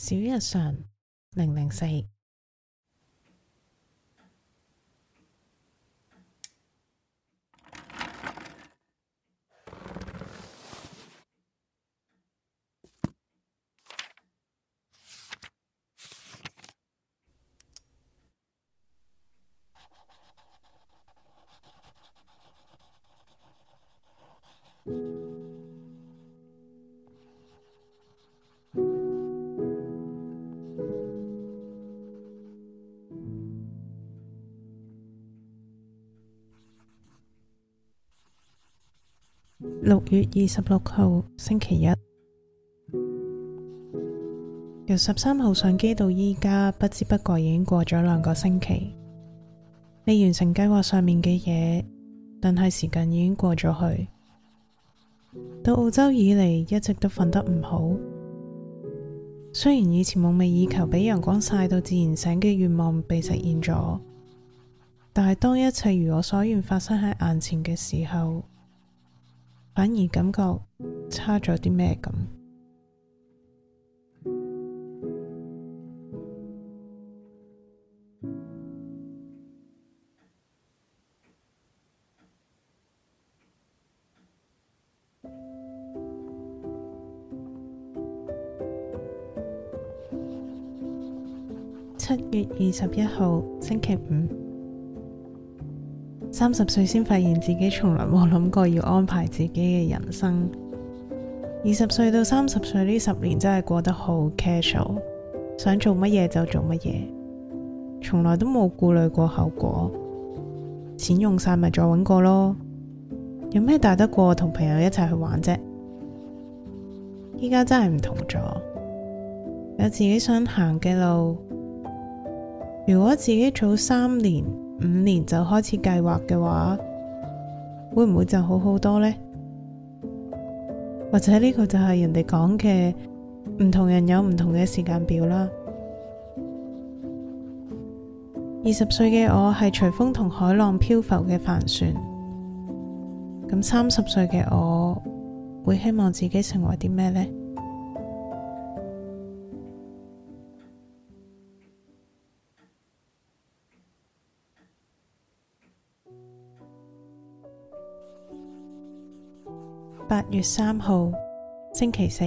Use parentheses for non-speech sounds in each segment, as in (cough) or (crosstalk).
小日常零零四。月二十六號星期一，由十三號上機到依家，不知不覺已經過咗兩個星期，未完成計劃上面嘅嘢，但係時間已經過咗去。到澳洲以嚟，一直都瞓得唔好。雖然以前夢寐以求俾陽光曬到自然醒嘅願望被實現咗，但係當一切如我所願發生喺眼前嘅時候。反而感覺差咗啲咩咁。七月二十一號星期五。三十歲先發現自己從來冇諗過要安排自己嘅人生。二十歲到三十歲呢十年真係過得好 casual，想做乜嘢就做乜嘢，從來都冇顧慮過後果。錢用晒咪再揾過咯，有咩大得過同朋友一齊去玩啫？依家真係唔同咗，有自己想行嘅路。如果自己早三年，五年就開始計劃嘅話，會唔會就好好多呢？或者呢個就係人哋講嘅唔同人有唔同嘅時間表啦。二十歲嘅我係隨風同海浪漂浮嘅帆船，咁三十歲嘅我會希望自己成為啲咩呢？八月三號，星期四。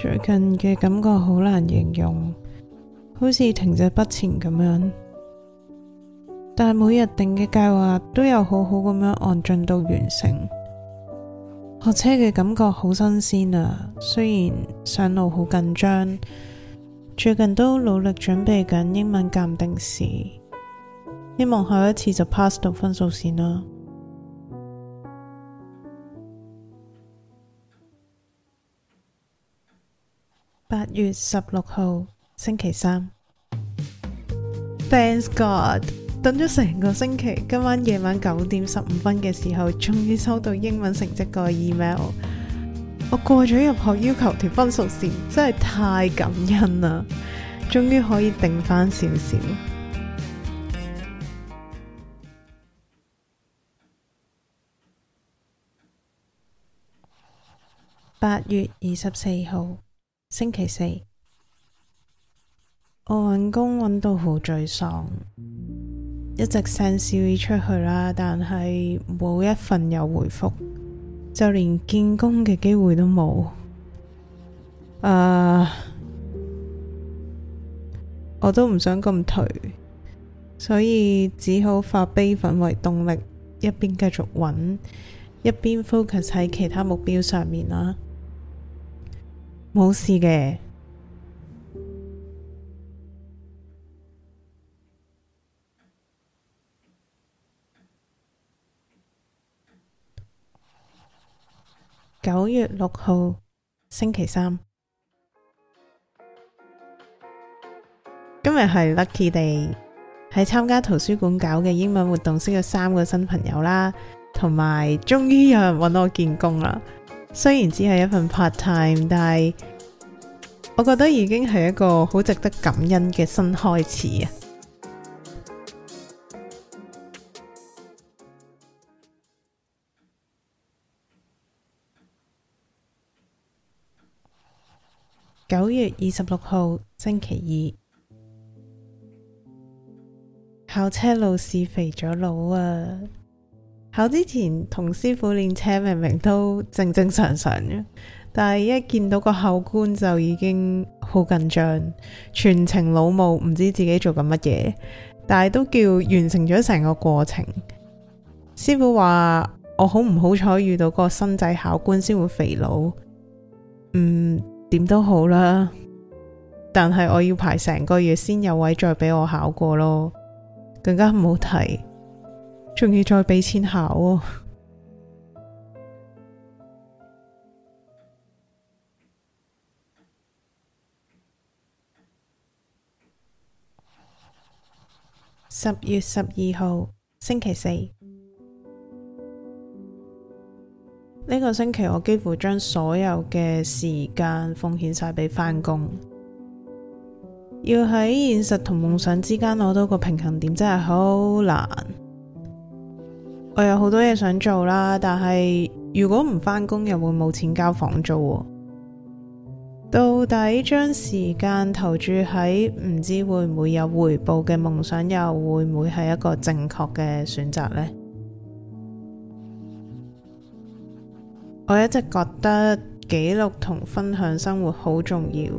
最近嘅感覺好難形容，好似停滯不前咁樣。但係每日定嘅計劃都有好好咁樣按進度完成。學車嘅感覺好新鮮啊，雖然上路好緊張。最近都努力準備緊英文鑒定試。希望下一次就 pass 到分數線啦。八月十六號星期三，Thanks God，等咗成個星期，今晚夜晚九點十五分嘅時候，終於收到英文成績個 email。我過咗入學要求條分數線，真係太感恩啦！終於可以定翻少少。八月二十四號星期四，我搵工搵到好沮喪，一直 send cv 出去啦，但係冇一份有回覆，就連見工嘅機會都冇。啊，uh，我都唔想咁頹，所以只好發悲憤為動力，一邊繼續搵，一邊 focus 喺其他目標上面啦。冇事嘅。九月六號星期三，今日係 lucky day，喺參加圖書館搞嘅英文活動，識咗三個新朋友啦，同埋終於有人揾我見工啦。雖然只係一份 part time，但係我覺得已經係一個好值得感恩嘅新開始啊！九 (music) 月二十六號星期二，校車路士肥咗腦啊！考之前同師傅練車明明都正正常常嘅，但係一見到個考官就已經好緊張，全程老母唔知自己做緊乜嘢，但係都叫完成咗成個過程。師傅話我好唔好彩遇到個新仔考官先會肥佬，嗯，點都好啦，但係我要排成個月先有位再俾我考過咯，更加唔好睇。仲要再畀錢考喎。十月十二號星期四呢個星期，我幾乎將所有嘅時間奉獻晒俾返工。要喺現實同夢想之間攞到個平衡點，真係好難。我有好多嘢想做啦，但係如果唔返工，又會冇錢交房租。到底將時間投注喺唔知會唔會有回報嘅夢想，又會唔會係一個正確嘅選擇呢？我一直覺得記錄同分享生活好重要，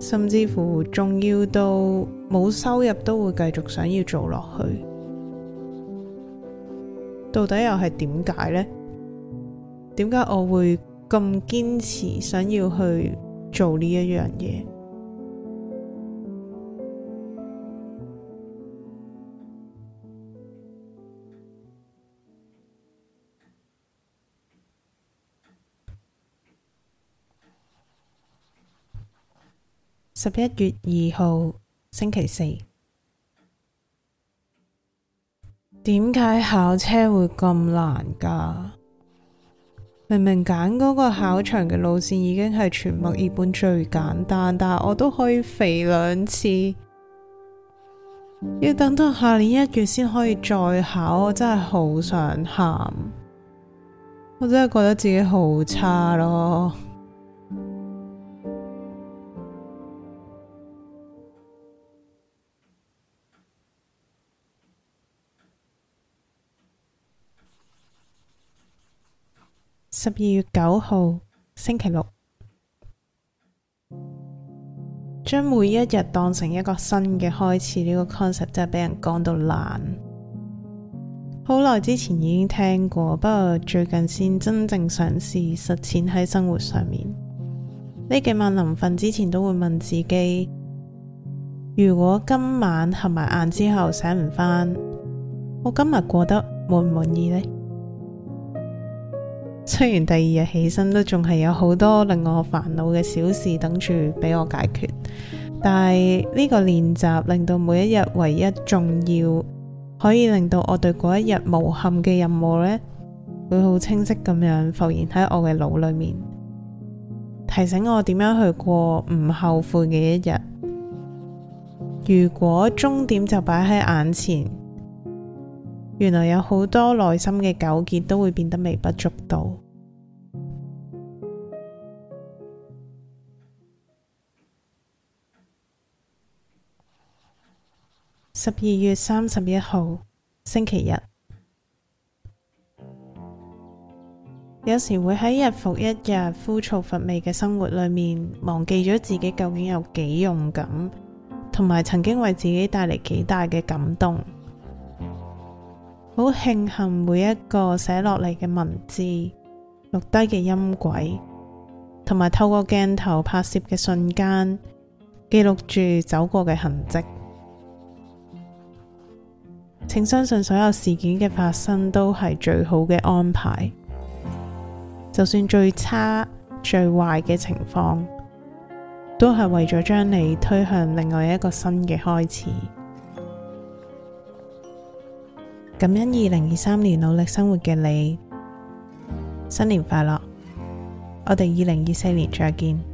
甚至乎重要到冇收入都會繼續想要做落去。到底又係點解呢？點解我會咁堅持想要去做呢一樣嘢？十一月二號星期四。點解考車會咁難噶？明明揀嗰個考場嘅路線已經係全墨爾本最簡單，但係我都可以肥兩次。要等到下年一月先可以再考，我真係好想喊！我真係覺得自己好差咯。十二月九號星期六，將每一日當成一個新嘅開始呢個 concept 真係俾人講到爛。好耐之前已經聽過，不過最近先真正嘗試實踐喺生活上面。呢幾晚臨瞓之前都會問自己：「如果今晚合埋眼之後醒唔返，我今日過得滿唔滿意呢？」雖然第二日起身都仲係有好多令我煩惱嘅小事等住俾我解決，但係呢個練習令到每一日唯一重要，可以令到我對嗰一日無憾嘅任務呢，會好清晰咁樣浮現喺我嘅腦裏面，提醒我點樣去過唔後悔嘅一日。如果終點就擺喺眼前，原來有好多內心嘅糾結都會變得微不足道。十二月三十一號，星期日，有時會喺日復一日枯燥乏味嘅生活裏面，忘記咗自己究竟有幾勇敢，同埋曾經為自己帶嚟幾大嘅感動。好慶幸每一個寫落嚟嘅文字、錄低嘅音軌，同埋透過鏡頭拍攝嘅瞬間，記錄住走過嘅痕跡。請相信所有事件嘅發生都係最好嘅安排，就算最差、最壞嘅情況，都係為咗將你推向另外一個新嘅開始。感恩二零二三年努力生活嘅你，新年快樂，我哋二零二四年再見。